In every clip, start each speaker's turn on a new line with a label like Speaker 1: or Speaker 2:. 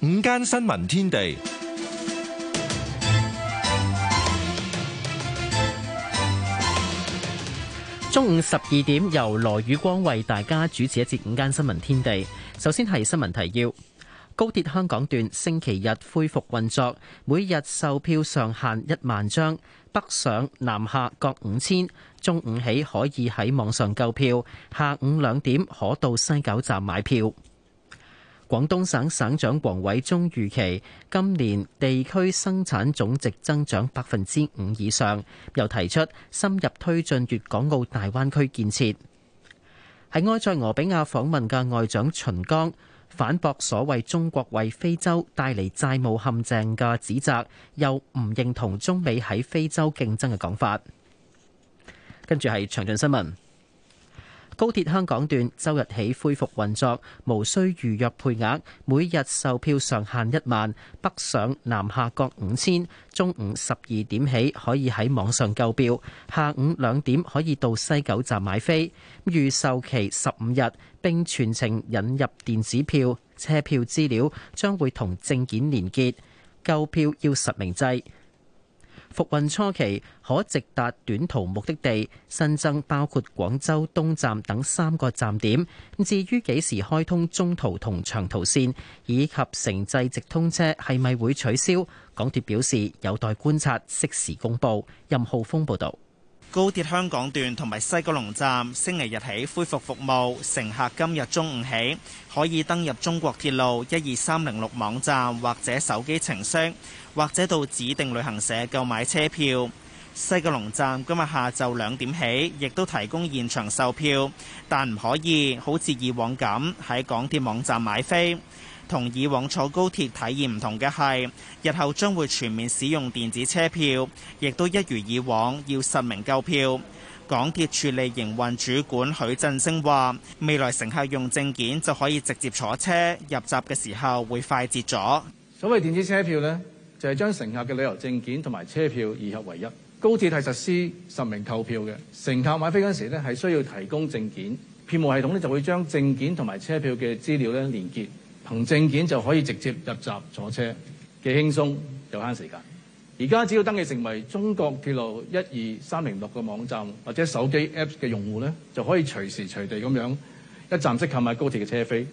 Speaker 1: 午間新聞天地，
Speaker 2: 中午十二點由羅宇光為大家主持一節午間新聞天地。首先係新聞提要：高鐵香港段星期日恢復運作，每日售票上限一萬張，北上南下各五千。中午起可以喺網上購票，下午兩點可到西九站買票。廣東省省長王偉中預期今年地區生產總值增長百分之五以上，又提出深入推進粵港澳大灣區建設。喺埃塞俄比亞訪問嘅外長秦剛反駁所謂中國為非洲帶嚟債務陷阱嘅指責，又唔認同中美喺非洲競爭嘅講法。跟住係詳盡新聞。高鐵香港段周日起恢復運作，無需預約配額，每日售票上限一萬，北上南下各五千。中午十二點起可以喺網上購票，下午兩點可以到西九站買飛。預售期十五日，並全程引入電子票，車票資料將會同證件連結，購票要實名制。復運初期可直達短途目的地，新增包括廣州東站等三個站點。至於幾時開通中途同長途線，以及城際直通車係咪會取消，港鐵表示有待觀察，適時公佈。任浩峰報導。
Speaker 3: 高鐵香港段同埋西九龍站星期日起恢復服務，乘客今日中午起可以登入中國鐵路一二三零六網站或者手機程式，或者到指定旅行社購買車票。西九龍站今日下晝兩點起亦都提供現場售票，但唔可以好似以往咁喺港鐵網站買飛。同以往坐高鐵體驗唔同嘅係，日後將會全面使用電子車票，亦都一如以往要實名購票。港鐵處理營運主管許振聲話，未來乘客用證件就可以直接坐車入閘嘅時候會快捷咗。所謂電子車
Speaker 1: 票呢，就係將乘客嘅旅遊證件同埋車票二合為一。高鐵係實施實名購票嘅乘客買飛嗰陣時呢，係需要提供證件，票務系統呢就會將證件同埋車票嘅資料呢連結。憑證件就可以直接入閘坐車，幾輕鬆又慳時間。而家只要登記成為中國鐵路一二三零六嘅網站或者手機 apps 嘅用戶咧，就可以隨時隨地咁樣一站式購買高鐵嘅車飛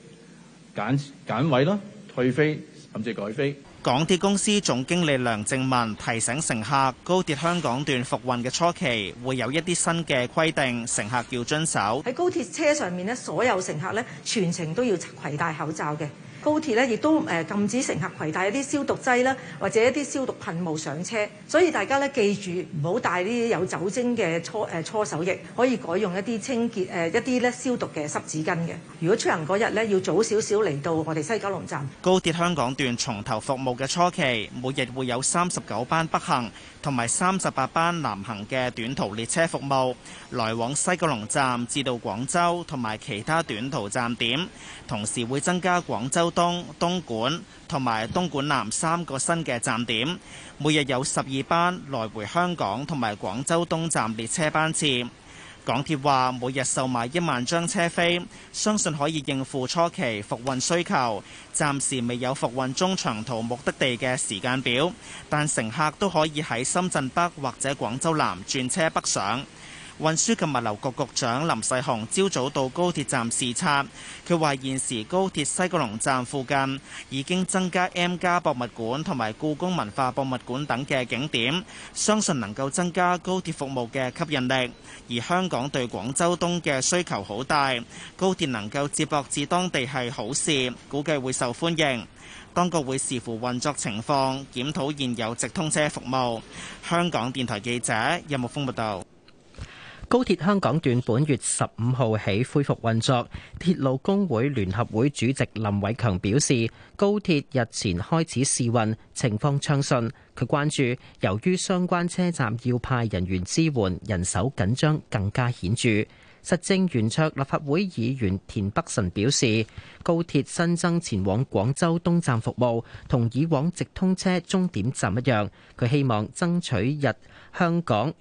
Speaker 1: 揀揀位啦，退飛甚至改飛。港
Speaker 3: 鐵公司總經理梁正文提醒乘客，高鐵香港段復運嘅初期會有一啲新嘅規定，乘客要遵守喺
Speaker 4: 高鐵車上面咧，所有乘客咧全程都要携帶口罩嘅。高鐵呢亦都誒禁止乘客攜帶一啲消毒劑啦，或者一啲消毒噴霧上車。所以大家呢，記住唔好帶啲有酒精嘅搓手液，可以改用一啲清潔一啲咧消毒嘅濕紙巾嘅。如果出行嗰日呢，要早少少嚟到我哋西九龍站。
Speaker 3: 高鐵香港段從頭服務嘅初期，每日會有三十九班北行同埋三十八班南行嘅短途列車服務，來往西九龍站至到廣州同埋其他短途站點。同時會增加廣州東、東莞同埋東莞南三個新嘅站點，每日有十二班來回香港同埋廣州東站列車班次。港鐵話每日售賣一萬張車飛，相信可以應付初期復運需求。暫時未有復運中長途目的地嘅時間表，但乘客都可以喺深圳北或者廣州南轉車北上。運輸及物流局局長林世雄朝早到高鐵站視察，佢話：現時高鐵西九龍站附近已經增加 M+ 博物館同埋故宮文化博物館等嘅景點，相信能夠增加高鐵服務嘅吸引力。而香港對廣州東嘅需求好大，高鐵能夠接駁至當地係好事，估計會受歡迎。當局會視乎運作情況檢討現有直通車服務。香港電台記者任木峯報道。有
Speaker 2: 高鐵香港段本月十五號起恢復運作，鐵路工會聯合會主席林偉強表示，高鐵日前開始試運，情況暢順。佢關注，由於相關車站要派人員支援，人手緊張更加顯著。實政圓桌立法會議員田北辰表示，高鐵新增前往廣州東站服務，同以往直通車終點站一樣。佢希望爭取日香港。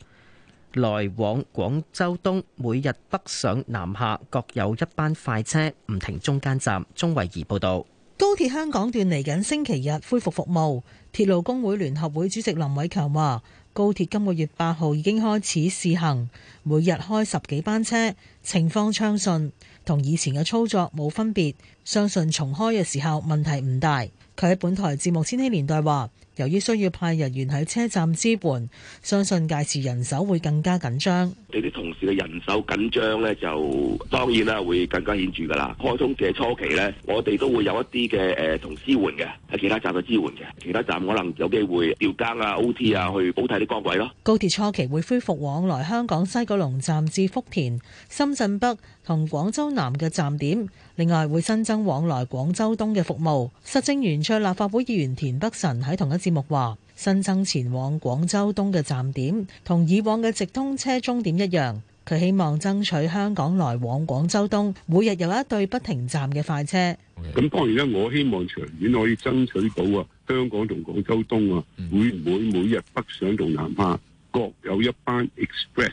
Speaker 2: 來往廣州東，每日北上南下各有一班快車，唔停中間站。鍾慧儀報道：
Speaker 4: 高鐵香港段嚟緊星期日恢復服務。鐵路工會聯合會主席林偉強話：高鐵今個月八號已經開始試行，每日開十幾班車，情況暢順，同以前嘅操作冇分別。相信重開嘅時候問題唔大。佢喺本台節目《千禧年代》話。由於需要派人員喺車站支援，相信屆時人手會更加緊張。
Speaker 5: 你啲同事嘅人手緊張呢，就當然啦，會更加顯著㗎啦。開通嘅初期呢，我哋都會有一啲嘅誒同支援嘅，喺其他站嘅支援嘅，其他站可能有機會調更啊、OT 啊，去補替啲崗位咯。
Speaker 4: 高鐵初期會恢復往來香港西九龍站至福田、深圳北。同廣州南嘅站點，另外會新增往來廣州東嘅服務。實政圓桌立法會議員田北辰喺同一節目話：新增前往廣州東嘅站點，同以往嘅直通車終點一樣。佢希望爭取香港來往廣州東每日有一對不停站嘅快車。咁
Speaker 6: Okay. 當然咧，我希望長遠可以爭取到啊，香港同廣州東啊，會唔會每日北上同南下各有一班 express？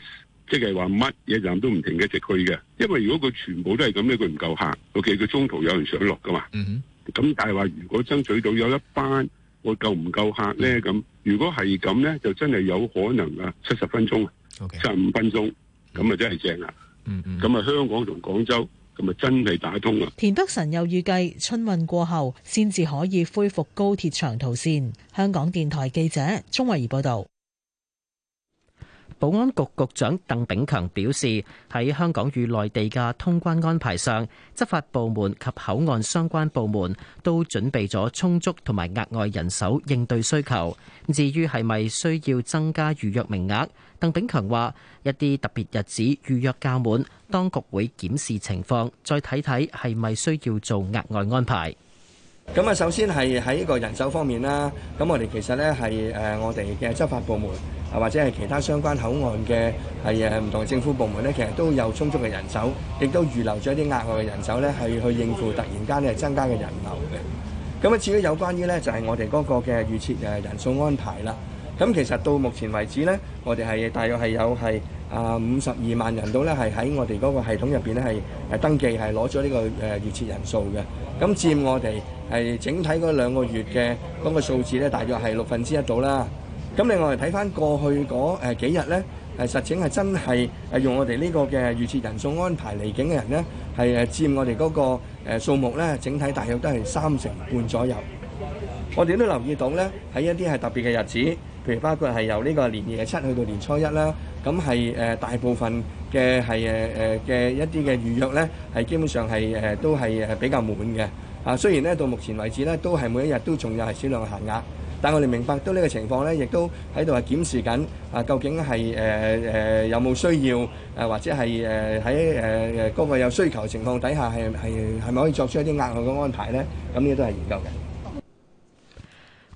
Speaker 6: 即係話乜嘢站都唔停嘅直去嘅，因為如果佢全部都係咁咧，佢唔夠客，O K 佢中途有人上落噶嘛，咁、嗯、哼但係話如果爭取到有一班，我夠唔夠客咧？咁如果係咁咧，就真係有可能啊，七十 Okay. 分鐘啊，七十五分鐘，咁啊真係正啊，咁啊香港同廣州咁啊真係打通啦。
Speaker 4: 田北辰又預計春運過後先至可以恢復高鐵長途線。香港電台記者鍾慧儀報道。
Speaker 2: 保安局局長鄧炳強表示，喺香港與內地嘅通關安排上，執法部門及口岸相關部門都準備咗充足同埋額外人手應對需求。至於係咪需要增加預約名額，鄧炳強話一啲特別日子預約較滿，當局會檢視情況，再睇睇係
Speaker 7: 咪需要做額外安排。咁啊，首先係喺呢個人手方面啦，咁我哋其實咧係誒我哋嘅執法部門啊，或者係其他相關口岸嘅係誒唔同政府部門咧，其實都有充足嘅人手，亦都預留咗一啲額外嘅人手咧，係去應付突然間咧增加嘅人流嘅。咁啊，至於有關於咧，就係我哋嗰個嘅預設嘅人數安排啦。咁其實到目前為止咧，我哋係大約係有係啊五十二萬人度咧，係喺我哋嗰個系統入邊咧，係誒登記係攞咗呢個誒預設人數嘅。咁佔我哋係整體嗰兩個月嘅嗰個數字咧，大約係六分之一度啦。咁另外睇返過去嗰誒幾日咧，誒實情係真係係用我哋呢個嘅預設人數安排離境嘅人咧，係誒佔我哋嗰個誒數目咧，整體大約都係三成半左右。我哋都留意到咧，喺一啲係特別嘅日子。譬如包括係由呢個年夜七去到年初一啦，咁係誒大部分嘅係誒誒嘅一啲嘅預約咧，係基本上係誒都係誒比較滿嘅。啊，雖然咧到目前為止咧，都係每一日都仲有係少量嘅限額，但係我哋明白到呢個情況咧，亦都喺度係檢視緊啊，究竟係誒誒有冇需要啊，或者係誒喺誒誒嗰個有需求情況底下係係係咪可以作出一啲額外嘅安排咧？咁呢啲都係研究嘅。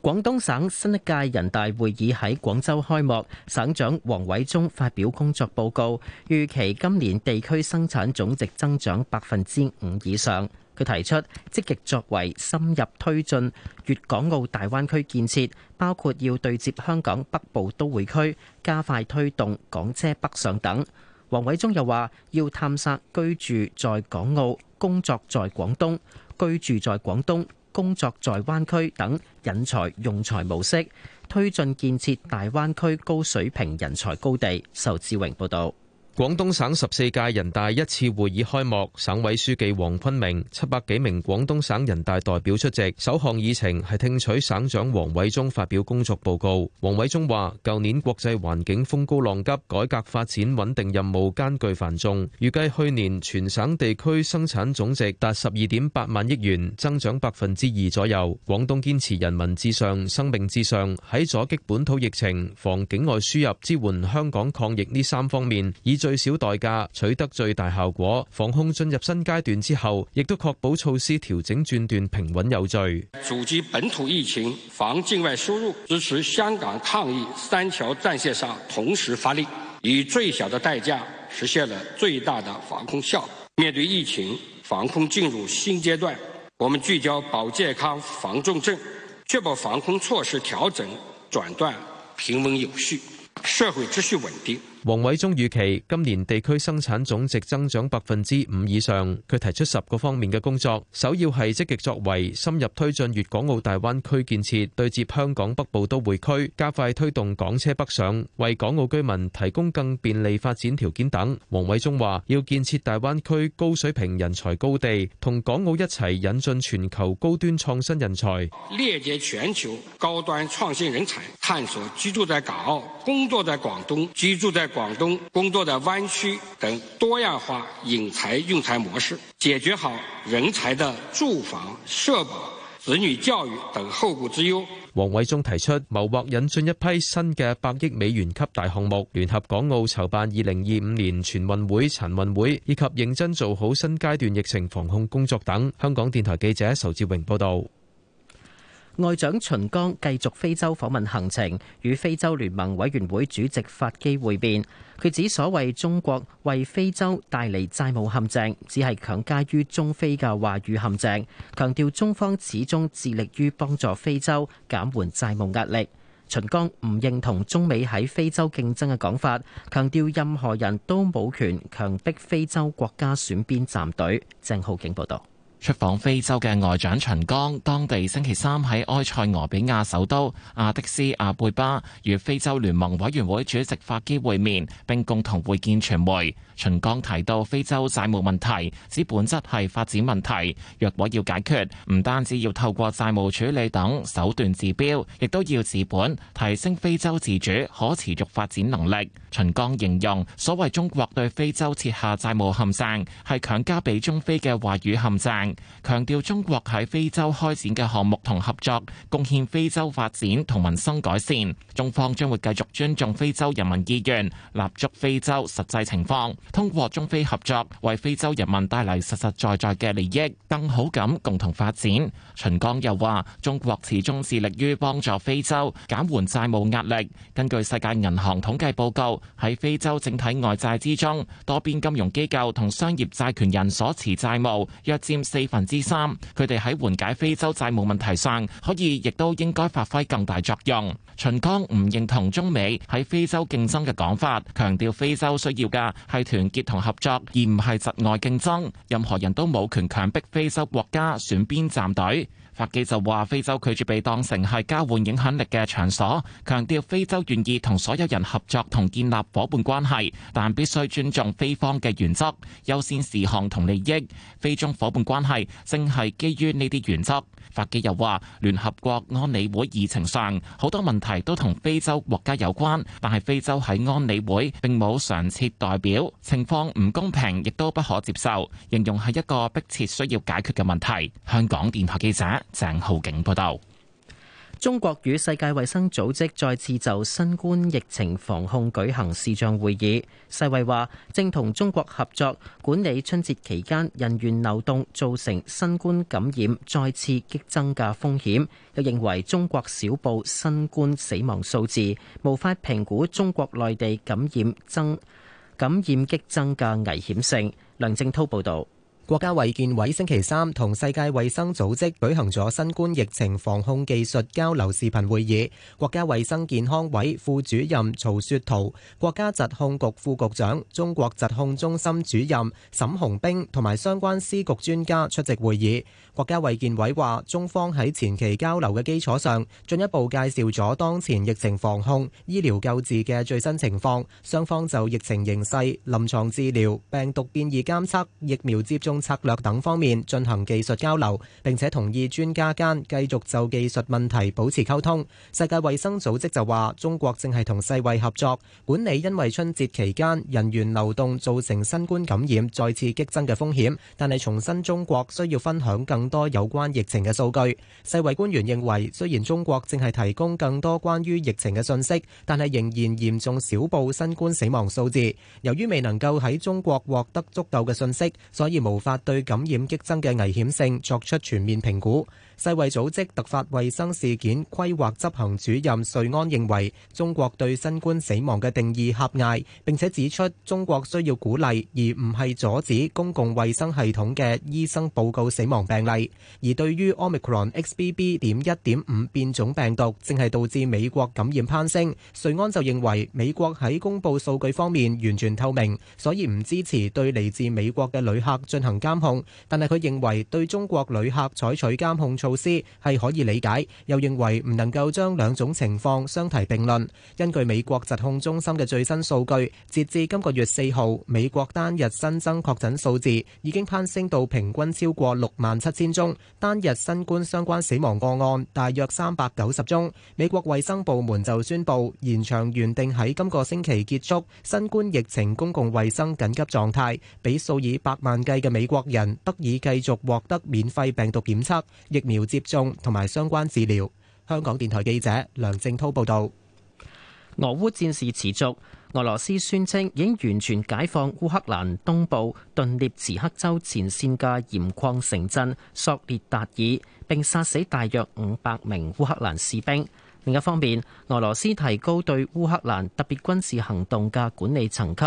Speaker 7: 廣東
Speaker 2: 省新一屆人大會議喺廣州開幕，省長王偉中發表工作報告，預期今年地區生產總值增長百分之五以上。佢提出積極作為，深入推進粵港澳大灣區建設，包括要對接香港北部都會區，加快推動港車北上等。王偉中又話：要探索居住在港澳、工作在廣東、居住在廣東。工作在灣區等引才用才模式，推進建設大灣區高水平人才高地。仇志榮
Speaker 1: 報道。廣東省十四屆人大一次會議開幕，省委書記黃坤明、七百幾名廣東省人大代表出席。首項議程係聽取省長王偉中發表工作報告。王偉中話：，舊年國際環境風高浪急，改革發展穩定任務艱巨繁重。預計去年全省地區生產總值達十二點八萬億元，增長百分之二左右。廣東堅持人民至上、生命至上，喺阻擊本土疫情、防境外輸入、支援香港抗疫呢三方面，以。最小代價取得最大效果，防控進入新階段之後，亦都確保措施調整轉段平穩有序。
Speaker 7: 阻止本土疫情、防境外輸入、支持香港抗疫三條戰線上同時發力，以最小的代價實現了最大的防控效果。面對疫情防控進入新階段，我們聚焦保健康、防重症，確保防控措施調整轉段平穩有序，社會秩序穩定。
Speaker 1: 王偉中預期今年地區生產總值增長百分之五以上。佢提出十個方面嘅工作，首要係積極作為，深入推進粵港澳大灣區建設，對接香港北部都會區，加快推動港車北上，為港澳居民提供更便利發展條件等。王偉中話：要建設大灣區高水平人才高地，同港澳一齊引進全球高端創新人才，
Speaker 7: 鏈接全球高端創新人才，探索居住在港澳、工作在廣東、居住在。廣東工作的灣區等多樣化引才用才模式，解決好人才的住房、社保、子女教育等後顧之憂。
Speaker 1: 黃偉忠提出，謀劃引進一批新嘅百億美元級大項目，聯合港澳籌辦二零二五年全運會、殘運會，以及認真做好新階段疫情防控工作等。香港電台記者仇志榮報道。
Speaker 2: 外長秦剛繼續非洲訪問行程，與非洲聯盟委員會主席法基會面。佢指所謂中國為非洲帶嚟債務陷阱，只係強加於中非嘅話語陷阱。強調中方始終致力於幫助非洲減緩債務壓力。秦剛唔認同中美喺非洲競爭嘅講法，強調任
Speaker 8: 何人都冇權強迫非洲國家選邊站隊。鄭浩景報導。出訪非洲嘅外長秦剛，當地星期三喺埃塞俄比亞首都亞的斯亞貝巴與非洲聯盟委員會主席法基會面，並共同會見傳媒。秦剛提到非洲債務問題，指本質係發展問題。若果要解決，唔單止要透過債務處理等手段治標，亦都要治本，提升非洲自主可持續發展能力。秦剛形容所謂中國對非洲設下債務陷阱，係強加俾中非嘅話語陷阱。強調中國喺非洲開展嘅項目同合作，貢獻非洲發展同民生改善。中方將會繼續尊重非洲人民意願，立足非洲實際情況，通過中非合作為非洲人民帶嚟實實在在嘅利益，更好咁共同發展。秦剛又話：中國始終致力於幫助非洲減緩債務壓力。根據世界銀行統計報告，喺非洲整體外債之中，多邊金融機構同商業債權人所持債務約佔。四分之三，佢哋喺緩解非洲債務問題上，可以亦都應該發揮更大作用。秦剛唔認同中美喺非洲競爭嘅講法，強調非洲需要嘅係團結同合作，而唔係窒外競爭，任何人都冇權強迫非洲國家選邊站隊。法基就話：非洲拒絕被當成係交換影響力嘅場所，強調非洲願意同所有人合作同建立伙伴關係，但必須尊重非方嘅原則、優先事項同利益。非中伙伴關係正係基於呢啲原則。法基又話：聯合國安理會議程上好多問題都同非洲國家有關，但係非洲喺安理會並冇常設代表，情況唔公平，亦都不可接受，形容係一個迫切需要解決嘅問題。香港電台記者。鄭浩景報道：中國
Speaker 2: 與世界衛生組織再次就新冠疫情防控舉行視像會議。世衛話正同中國合作管理春節期間人員流動造成新冠感染再次激增嘅風險。又認為中國少報新冠死亡數字無法評估中國內地感染增
Speaker 9: 感染激增嘅危險性。梁正濤報道。國家衛健委星期三同世界衛生組織舉行咗新冠疫情防控技術交流視頻會議。國家衛生健康委副主任曹雪濤、國家疾控局副局長、中國疾控中心主任沈洪兵同埋相關司局專家出席會議。國家衛健委話，中方喺前期交流嘅基礎上，進一步介紹咗當前疫情防控、醫療救治嘅最新情況。雙方就疫情形勢、臨床治療、病毒變異監測、疫苗接種、策略等方面進行技術交流，並且同意專家間繼續就技術問題保持溝通。世界衛生組織就話，中國正係同世衛合作管理，因為春節期間人員流動造成新冠感染再次激增嘅風險。但係重申中國需要分享更多有關疫情嘅數據。世衛官員認為，雖然中國正係提供更多關於疫情嘅信息，但係仍然嚴重少報新冠死亡數字。由於未能夠喺中國獲得足夠嘅信息，所以無。法對感染激增嘅危險性作出全面評估。世衛組織突發衛生事件規劃執行主任瑞安認為，中國對新冠死亡嘅定義狹隘，並且指出中國需要鼓勵而唔係阻止公共衛生系統嘅醫生報告死亡病例。而對於 Omicron XBB.1.5 變種病毒正係導致美國感染攀升，瑞安就認為美國喺公佈數據方面完全透明，所以唔支持對嚟自美國嘅旅客進行監控。但係佢認為對中國旅客採取監控措施係可以理解，又認為唔能夠將兩種情況相提並論。根據美國疾控中心嘅最新數據，截至今個月四號，美國單日新增確診數字已經攀升到平均超過六萬七千宗，單日新冠相關死亡個案大約三百九十宗。美國衛生部門就宣布延長原定喺今個星期結束新冠疫情公共衛生緊急狀態，俾數以百萬計嘅美國人得以繼續獲得免費病毒檢測疫苗接種同埋相關治療。香港電台記者梁正濤報道：俄烏戰事持續，俄羅斯宣稱已完
Speaker 2: 全解放烏克蘭東部頓涅茨克州前線嘅鹽礦城鎮索列達爾，並殺死大約五百名烏克蘭士兵。另一方面，俄羅斯提高對烏克蘭特別軍事行動嘅管理層級，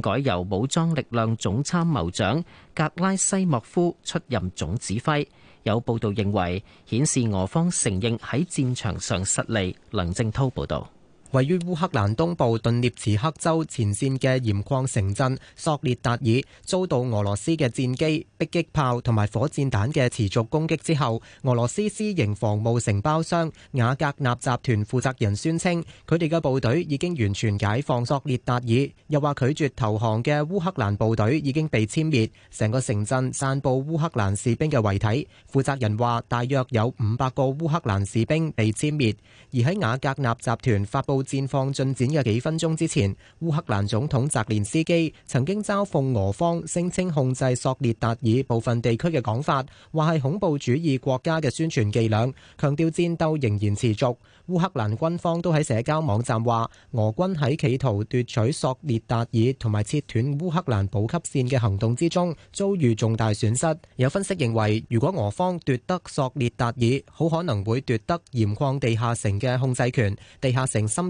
Speaker 2: 改由武裝力量總參謀長格拉西莫夫出任總指揮。有報道認為顯示俄方承認喺戰場上失利。
Speaker 9: 梁正濤報導。位於烏克蘭東部頓涅茨克州前線嘅鹽礦城鎮索列達爾遭到俄羅斯嘅戰機、迫擊炮同埋火箭彈嘅持續攻擊之後，俄羅斯私營防務承包商雅格納集團負責人宣稱，佢哋嘅部隊已經完全解放索列達爾，又話拒絕投降嘅烏克蘭部隊已經被殲滅，成個城鎮散佈烏克蘭士兵嘅遺體。負責人話，大約有五百個烏克蘭士兵被殲滅，而喺雅格納集團發布戰況進展嘅幾分鐘之前，烏克蘭總統澤連斯基曾經嘲諷俄方聲稱控制索列達爾部分地區嘅講法，話係恐怖主義國家嘅宣傳伎倆，強調戰鬥仍然持續。烏克蘭軍方都喺社交網站話，俄軍喺企圖奪取索列達爾同埋切斷烏克蘭補給線嘅行動之中遭遇重大損失。有分析認為，如果俄方奪得索列達爾，好可能會奪得鹽礦地下城嘅控制權，地下城深。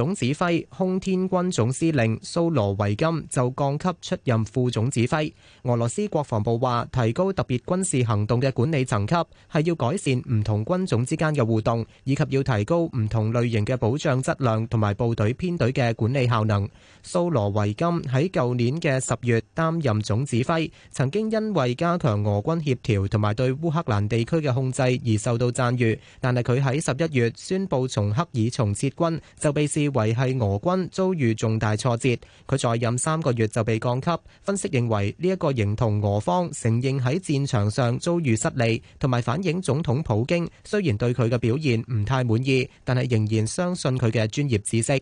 Speaker 9: 總指揮空天軍總司令蘇羅維金就降級出任副總指揮。俄羅斯國防部話，提高特別軍事行動嘅管理層級係要改善唔同軍種之間嘅互動，以及要提高唔同類型嘅保障質量同埋部隊編隊嘅管理效能。蘇羅維金喺舊年嘅十月擔任總指揮，曾經因為加強俄軍協調同埋對烏克蘭地區嘅控制而受到讚譽，但係佢喺十一月宣布從赫爾松撤軍，就被視維係俄軍遭遇重大挫折，佢在任三個月就被降級。分析認為呢一個形同俄方承認喺戰場上遭遇失利，同埋反映總統普京雖然對佢嘅表現唔太滿意，但係仍然相信佢嘅專業知識。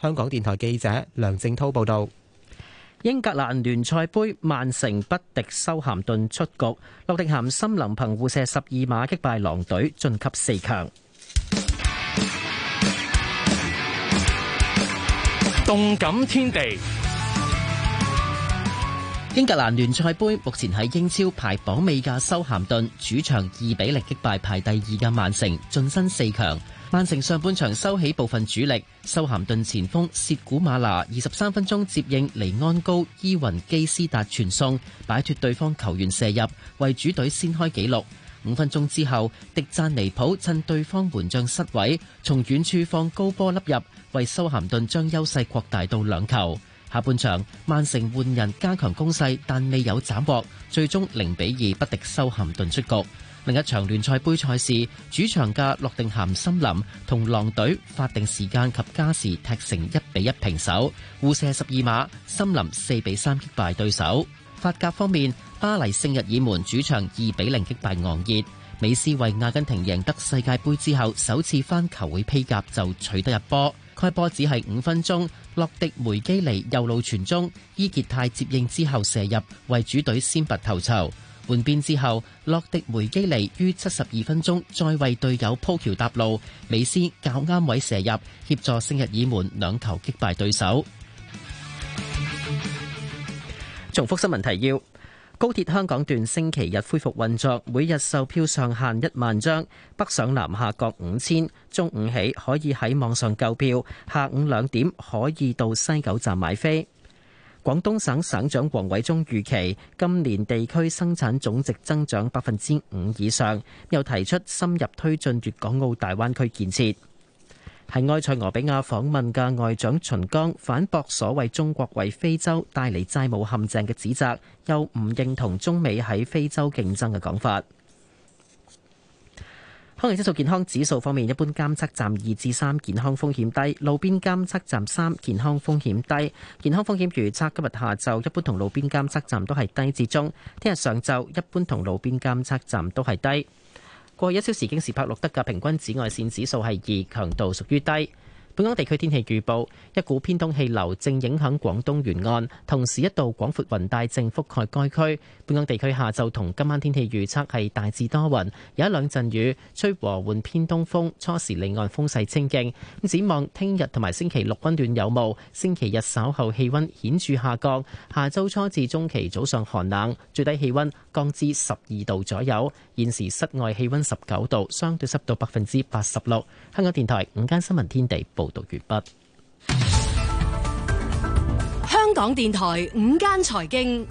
Speaker 9: 香港電台記者梁正濤報道：英
Speaker 2: 格蘭聯賽杯，曼城不敵修咸頓出局，諾定咸森林憑互射十二碼擊敗狼隊晉級四強。動感天地。英格蘭聯賽盃，目前喺英超排榜尾嘅修咸頓主場二比零擊敗排第二嘅曼城，晉身四強。曼城上半場收起部分主力，修咸頓前鋒涉古馬拿二十三分鐘接應尼安高伊雲基斯達傳送，擺脫對方球員射入，為主隊先開紀錄。五分鐘之後，迪贊尼普趁對方門將失位，從遠處放高波粒入，為修咸頓將優勢擴大到兩球。下半場，曼城換人加強攻勢，但未有斬獲，最終零比二不敵修咸頓出局。另一場聯賽杯賽事，主場嘅諾定咸森林同狼隊法定時間及加時踢成一比一平手，互射十二碼，森林四比三擊敗對手。法甲方面。巴黎聖日耳門主場二比零擊敗昂熱，美斯為阿根廷贏得世界杯之後，首次翻球會披甲就取得入波，開波只係五分鐘，洛迪梅基尼右路傳中，伊杰泰接應之後射入，為主隊先拔頭籌。換邊之後，洛迪梅基尼於七十二分鐘再為隊友鋪橋搭路，美斯較啱位射入，協助聖日耳門兩球擊敗對手。重複新聞提要。高鐵香港段星期日恢復運作，每日售票上限一萬張，北上南下各五千。中午起可以喺網上購票，下午兩點可以到西九站買飛。廣東省省長王偉中預期今年地區生產總值增長百分之五以上，又提出深入推進粵港澳大灣區建設。喺埃塞俄比亞訪問嘅外長秦剛反駁所謂中國為非洲帶嚟債務陷阱嘅指責，又唔認同中美喺非洲競爭嘅講法。空氣質素健康指數方面，一般監測站二至三健康風險低，路邊監測站三健康風險低。健康風險預測今日下晝一般同路邊監測站都係低至中，聽日上晝一般同路邊監測站都係低。過去一小時京士柏錄得嘅平均紫外線指數係二，強度屬於低。本港地區天氣預報：一股偏東氣流正影響廣東沿岸，同時一度廣闊雲帶正覆蓋該區。本港地區下晝同今晚天氣預測係大致多雲，有一兩陣雨，吹和緩偏東風，初時離岸風勢清勁。展望聽日同埋星期六溫暖有霧，星期日稍後氣温顯著下降，下周初至中期早上寒冷，最低氣温降至十二度左右。現時室外氣温十九度，相對濕度百分之八十六。香港電台午間新聞天地報。讀粵筆，
Speaker 10: 香港電台午間財經。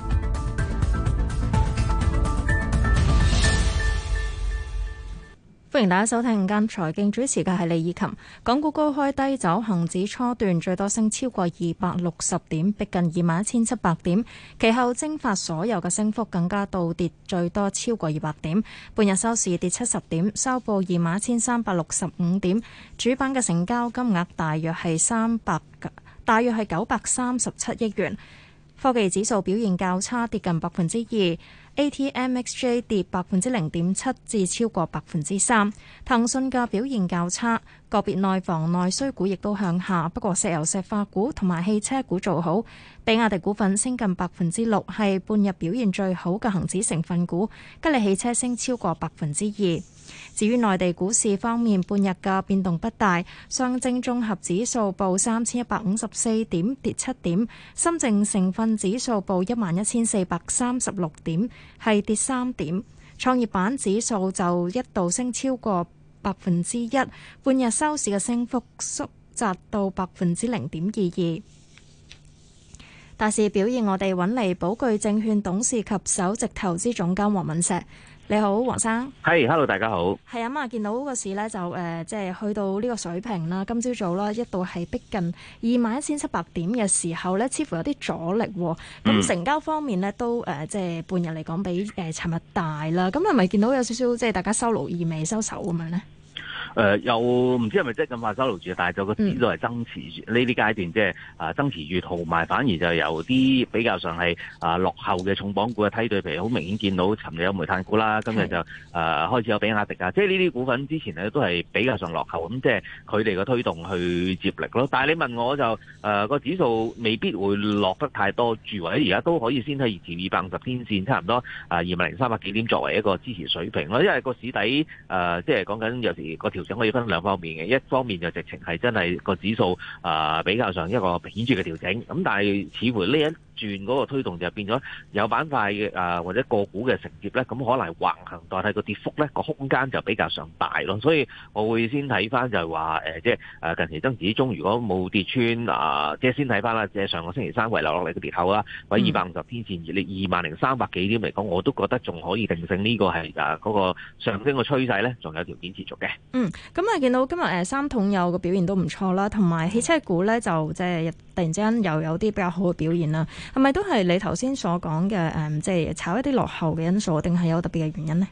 Speaker 11: 歡迎大家收聽家《午間財經》，主持嘅係李以琴。港股高開低走，恒指初段最多升超過二百六十點，逼近二萬一千七百點。其後蒸發所有嘅升幅，更加倒跌最多超過二百點。半日收市跌七十點，收報二萬一千三百六十五點。主板嘅成交金額大約係三百，大約係九百三十七億元。科技指數表現較差，跌近百分之二。A.T.M.X.J 跌百分之零點七至超過百分之三，騰訊嘅表現較差，個別內房內需股亦都向下，不過石油石化股同埋汽車股做好，比亞迪股份升近百分之六，係半日表現最好嘅恒指成分股，吉利汽車升超過百分之二。至於內地股市方面，半日嘅變動不大，上證綜合指數報三千一百五十四點，跌七點；深證成分指數報一萬一千四百三十六點，係跌三點；創業板指數就一度升超過百分之一，半日收市嘅升幅縮窄到百分之零點二二。大市表現，我哋搵嚟寶具證券董事及首席投資總監黃敏石。你好，黃生。
Speaker 5: 係、hey,，hello，大家好。
Speaker 11: 係啊嘛，見到個市咧就誒、呃，即係去到呢個水平啦。今朝早啦，一度係逼近二萬一千七百點嘅時候咧，似乎有啲阻力。咁、嗯、成交方面咧都誒、呃，即係半日嚟講比誒尋日大啦。咁係咪見到有少少即係大家收牢意味收手咁樣咧？
Speaker 5: 誒、呃、又唔知係咪即係咁快收留住，但係就個指數係增持呢啲階段，即係啊增持住，同埋，反而就由啲比較上係啊落後嘅重磅股嘅梯隊譬如好明顯見到尋日有煤炭股啦，今日就誒開始有比亞迪啊！即係呢啲股份之前咧都係比較上落後咁，即係佢哋嘅推動去接力咯。但係你問我就誒個、呃、指數未必會落得太多住，或者而家都可以先喺二二百五十天線差唔多啊二萬零三百幾點作為一個支持水平咯。因為個市底誒即係講緊有時調整可以分兩方面嘅，一方面就直情係真係個指數啊比較上一個顯著嘅調整，咁但係似乎呢一轉嗰個推動就變咗有板塊嘅啊，或者個股嘅承接咧，咁可能橫行代替個跌幅咧，個空間就比較上大咯。所以，我會先睇翻就係話誒，即係誒近期增持中，如果冇跌穿啊，即係先睇翻啦。即係上個星期三遺留落嚟嘅跌口啦，或者二百五十天線二、嗯、二萬零三百幾點嚟講，我都覺得仲可以定性呢個係啊嗰個上升嘅趨勢咧，仲有條件持續嘅。嗯，
Speaker 11: 咁啊，見到今日誒三桶油嘅表現都唔錯啦，同埋汽車股咧就即係突然之間又有啲比較好嘅表現啦。係咪都係你頭先所講嘅誒，即係炒一啲落後嘅因素，定係有特別嘅原因咧？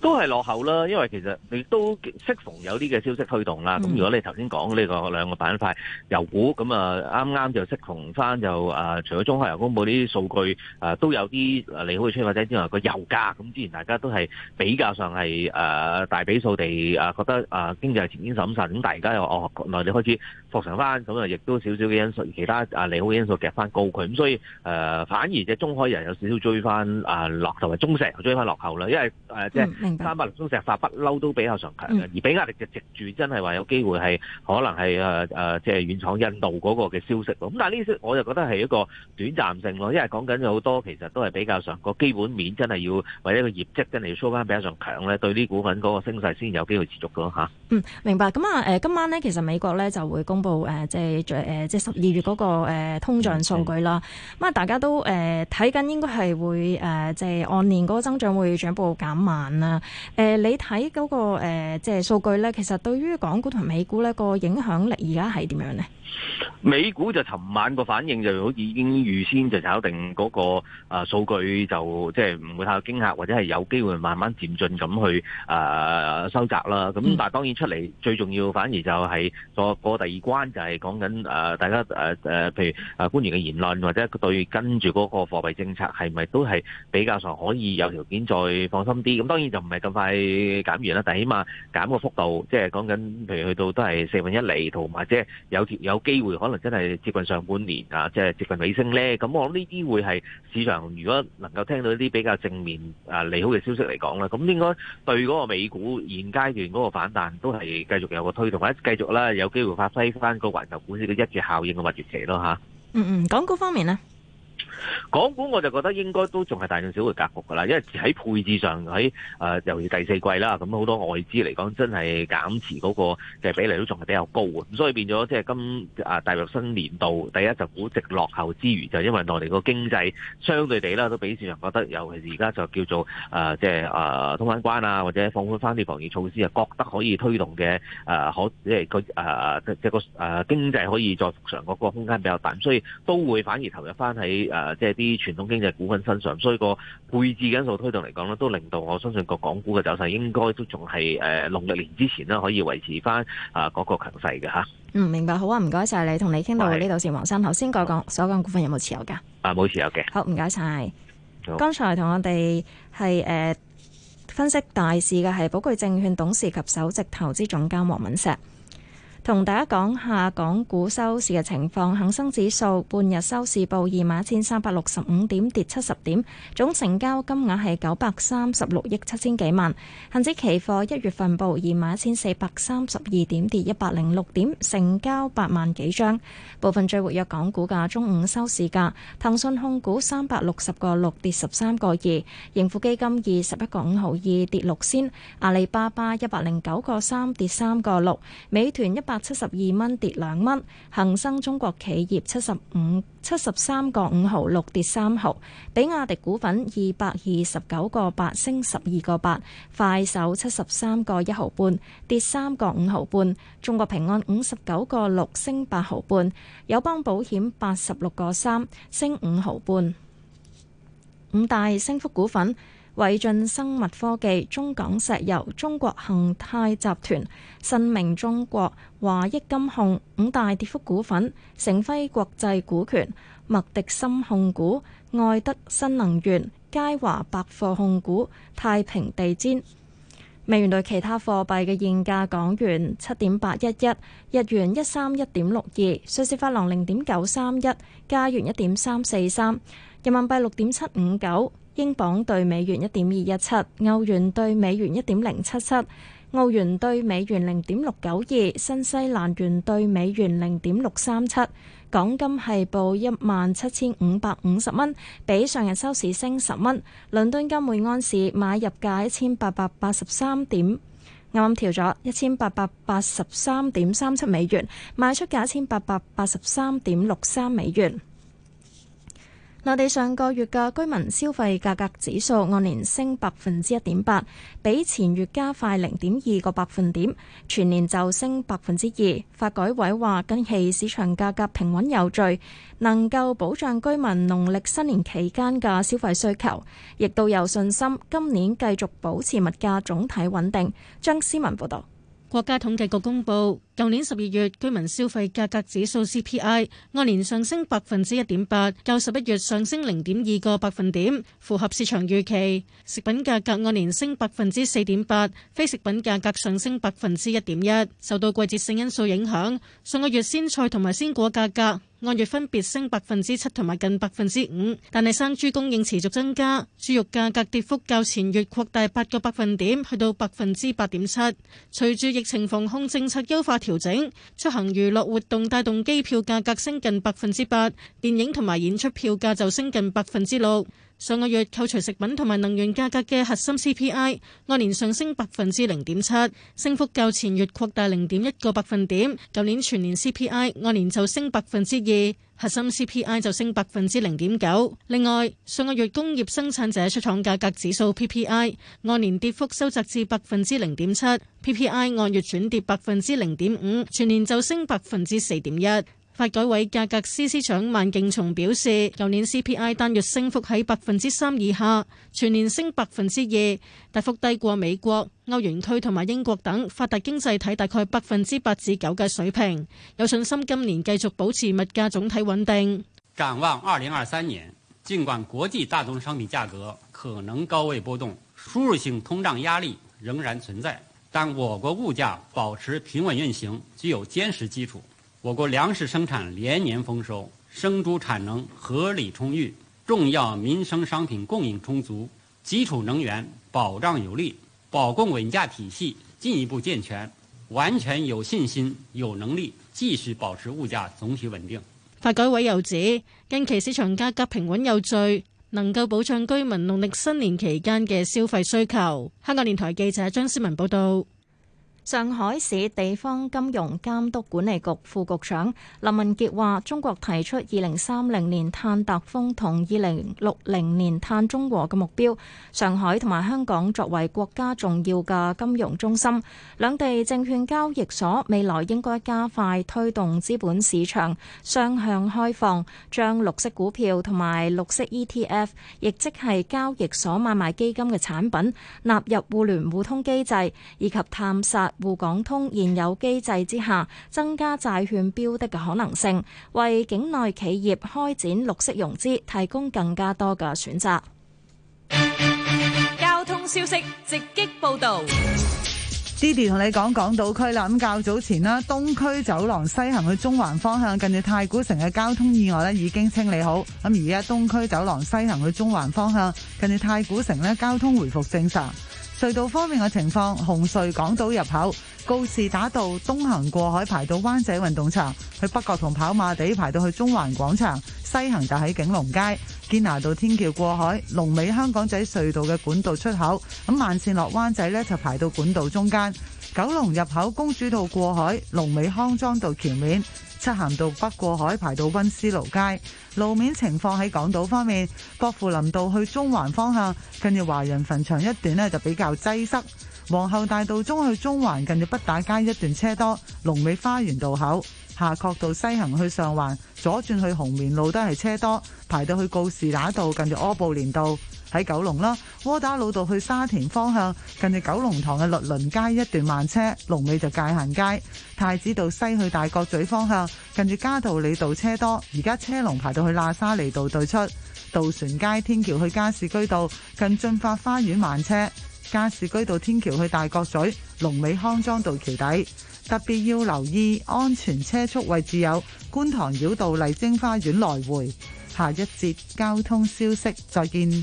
Speaker 5: 都係落後啦，因為其實你都適逢有啲嘅消息推動啦。咁、嗯、如果你頭先講呢個兩個板塊，油股咁啊，啱啱就適逢翻就啊、呃，除咗中海油公布啲數據啊、呃，都有啲利好嘅出發者之外，個油價咁之前大家都係比較上係誒、呃、大比數地啊，覺得啊經濟係前面審慎咁大家又哦內地開始復常翻，咁啊亦都少少嘅因素，其他啊利好嘅因素夾翻高佢，咁所以誒、呃、反而即中海油有少少追翻啊落，同埋中石油追翻落後啦，因為誒、就是嗯、明白。三百零中石化不嬲都比較上強嘅，嗯、而比壓力就直住，真係話有機會係可能係誒誒，即、啊就是、遠闖印度嗰個嘅消息咁，但係呢啲，我就覺得係一個短暫性咯。因為講緊好多其實都係比較上個基本面真係要或者個業績真係要 show 翻比較上強咧，對呢股份嗰個升勢先有機會持續咯嚇。啊、嗯，
Speaker 11: 明白。咁啊今晚咧其實美國咧就會公布、呃、即係即十二月嗰個通脹數據啦。咁啊、嗯嗯、大家都誒睇緊，呃、應該係會、呃、即係按年嗰個增長會進一步減慢。啦，誒、呃，你睇嗰、那個誒、呃，即係數據咧，其實對於港股同美股咧個影響力現在是怎樣呢，而家係點樣咧？
Speaker 5: 美股就尋晚個反應就好似已經預先就炒定嗰個啊數據，就即係唔會太有驚嚇，或者係有機會慢慢漸進咁去啊收窄啦。咁但係當然出嚟最重要，反而就係嗰過第二關，就係講緊誒大家誒誒，譬如啊官員嘅言論，或者對跟住嗰個貨幣政策係咪都係比較上可以有條件再放心啲。咁當然就唔係咁快減完啦，但係起碼減個幅度，即係講緊譬如去到都係四分一釐，同埋即係有條有。機會可能真係接近上半年啊，即係接近尾聲咧。咁我諗呢啲會係市場如果能夠聽到一啲比較正面啊利好嘅消息嚟講啦，咁應該對嗰個美股現階段嗰個反彈都係繼續有個推動，或者繼續啦有機會發揮翻個環球股市嘅一致效應嘅物業期咯嚇。嗯
Speaker 11: 嗯，港股方面咧。
Speaker 5: 港股我就覺得應該都仲係大眾小衆格局㗎啦，因為喺配置上喺誒，尤其第四季啦，咁好多外資嚟講，真係減持嗰個嘅比例都仲係比較高，咁所以變咗即係今啊大陸新年度第一就估值落後之餘，就因為內地個經濟相對地啦，都俾市場覺得，尤其是而家就叫做誒即係誒通關關啊，或者放寬翻啲防疫措施啊，覺得可以推動嘅誒可即係個誒即係個誒經濟可以再復常嗰個空間比較大，所以都會反而投入翻喺誒。即係啲傳統經濟股份身上，所以個配置的因素推動嚟講咧，都令到我相信個港股嘅走勢應該都仲係誒農曆年之前咧，可以維持翻啊嗰個強勢嘅吓。
Speaker 11: 嗯，明白好啊，唔該晒你，你，同你傾到呢度先。黃生頭先講講所講股份有冇持有噶？
Speaker 5: 啊，冇持有嘅。
Speaker 11: 好，唔該晒。
Speaker 4: 剛好才
Speaker 11: 同我哋係誒分析大市嘅係寶具證券董事及首席投資總監黃敏石。同大家講下港股收市嘅情況，恆生指數半日收市報二萬一千三百六十五點，跌七十點，總成交金額係九百三十六億七千幾萬。恆指期貨一月份報二萬一千四百三十二點，跌一百零六點，成交八萬幾張。部分最活躍港股嘅中午收市價，騰訊控股三百六十個六跌十三個二，盈富基金二十一個五毫二跌六仙，阿里巴巴一百零九個三跌三個六，美團一百百七十二蚊跌兩蚊，恒生中國企業七十五七十三個五毫六跌三毫，比亞迪股份二百二十九個八升十二個八，快手七十三個一毫半跌三個五毫半，中國平安五十九個六升八毫半，友邦保險八十六個三升五毫半，五大升幅股份。偉俊生物科技、中港石油、中國恒泰集團、新明中國、華益金控五大跌幅股份；成輝國際股權、麥迪森控股、愛德新能源、佳華百貨控股、太平地氈。美元兌其他貨幣嘅現價：港元七點八一一，日元一三一點六二，瑞士法郎零點九三一，加元一點三四三，人民幣六點七五九。英鎊兌美元一點二一七，歐元兌美元一點零七七，澳元兌美元零點六九二，新西蘭元兌美元零點六三七。港金係報一萬七千五百五十蚊，比上日收市升十蚊。倫敦金每安士買入價一千八百八十三點，啱啱調咗一千八百八十三點三七美元，賣出價一千八百八十三點六三美元。內地上個月嘅居民消費價格指數按年升百分之一點八，比前月加快零點二個百分點，全年就升百分之二。發改委話近期市場價格平穩有序，能夠保障居民農曆新年期間嘅消費需求，亦都有信心今年繼續保持物價總
Speaker 10: 體穩定。張思文報道，國家統計局公布。舊年十二月居民消費價格指數 CPI 按年上升百分之一點八，較十一月上升零點二個百分點，符合市場預期。食品價格按年升百分之四點八，非食品價格上升百分之一點一，受到季節性因素影響。上個月鮮菜同埋鮮果價格按月分別升百分之七同埋近百分之五，但係生豬供應持續增加，豬肉價格跌幅較前月擴大八個百分點，去到百分之八點七。隨住疫情防控政策優化。調整，出行娛樂活動帶動機票價格升近百分之八，電影同埋演出票價就升近百分之六。上個月扣除食品同埋能源價格嘅核心 CPI 按年上升百分之零點七，升幅較前月擴大零點一個百分點。舊年全年 CPI 按年就升百分之二，核心 CPI 就升百分之零點九。另外，上個月工業生產者出廠價格指數 PPI 按年跌幅收窄至百分之零點七，PPI 按月轉跌百分之零點五，全年就升百分之四點一。發改委價格司司長萬勁松表示，舊年 CPI 單月升幅喺百分之三以下，全年升百分之二，大幅低過美國、歐元區同埋英國等發達經濟體大概百分之八至九嘅水平，有信心今年繼續保持物價總體穩定。
Speaker 8: 展望二零二三年，儘管國際大宗商品價格可能高位波動，輸入性通脹壓力仍然存在，但我國物價保持平穩運行，具有堅實基礎。我國糧食生產連年豐收，生豬產能合理充裕，重要民生商品供應充足，基礎能源保障有力，保供穩價體系進一步健全，完全有信心、有能力繼續保持物價總體穩定。
Speaker 10: 發改委又指，近期市場價格平穩有序，能夠保障居民農曆新年期間嘅消費需求。香港電台記者張思文報道。上海市地方金融監督管理局副
Speaker 11: 局長林文杰話，中國提出二零三零年碳達峰同二零六零年碳中和嘅目標。上海同埋香港作為國家重要嘅金融中心，兩地證券交易所未來應該加快推動資本市場雙向開放，將綠色股票同埋綠色 ETF，亦即係交易所買賣基金嘅產品納入互聯互通機制，以及探索。滬港通現有機制之下，增加債券標的嘅可能性，為境內企業開展綠色融資提供更加
Speaker 6: 多嘅選擇。
Speaker 10: 交
Speaker 11: 通消息直擊報道
Speaker 6: ，Didi 同你講，港島區啦，咁，較早前啦，東區走廊西行去中環方向，近住太古城嘅交通意外呢，已經清理好。咁而家東區走廊西行去中環方向，近住太古城呢，交通回復正常。隧道方面嘅情況，紅隧港島入口告士打道東行過海排到灣仔運動場，去北角同跑馬地排到去中環廣場；西行就喺景隆街堅拿道天橋過海，龍尾香港仔隧道嘅管道出口。咁慢線落灣仔呢，就排到管道中間，九龍入口公主道過海，龍尾康莊道橋面。出行到北過海排到溫思勞街。路面情況喺港島方面，薄扶林道去中環方向，近住華人墳場一段呢就比較擠塞；皇后大道中去中環近住畢打街一段車多，龍尾花園道口，夏慤道西行去上環左轉去紅棉路都係車多，排到去告士打道近住柯布連道。喺九龍啦，窩打老道去沙田方向，近住九龍塘嘅律倫街一段慢車，龍尾就界限街，太子道西去大角咀方向，近住嘉道理道車多，而家車龍排到去喇沙尼道對出，渡船街天橋去加士居道，近駿發花園慢車，加士居道天橋去大角咀龍尾康莊道橋底。特別要留意安全車速位置有觀塘繞道麗晶花園來回。下一節交通消息，再見。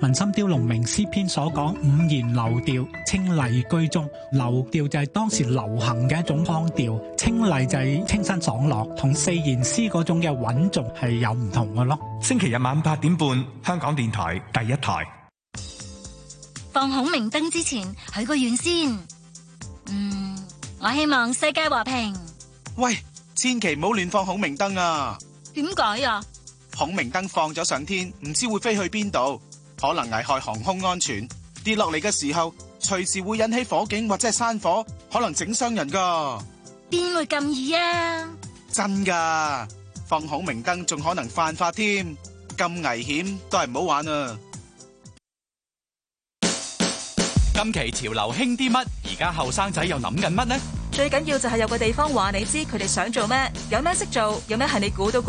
Speaker 7: 文
Speaker 8: 心雕龍明詩篇所講五言流調清麗居中，流調就係當時流行嘅一種腔調，清麗就係清新爽朗，同四言詩嗰種嘅
Speaker 7: 穩重係有唔同嘅咯。星期日晚八點半，香港電台第一台。
Speaker 6: 放孔明燈之前，許個願先。嗯，我希望世界和平。
Speaker 3: 喂，千祈唔好亂放孔明燈啊！
Speaker 6: 點解啊？
Speaker 3: 孔明燈放咗上天，唔知會飛去邊度。可能危害航空安全，跌落嚟嘅時候隨時會引起火警或者係山火，可能整傷人噶。邊會咁易啊？真噶，放孔明燈仲可能犯法添，咁危險都係唔好玩啊！
Speaker 1: 今期潮流興啲乜？而家後生仔又諗緊乜呢？
Speaker 4: 最緊要就係有個地方話你知，佢哋想做咩，有咩識做，有咩係你估到。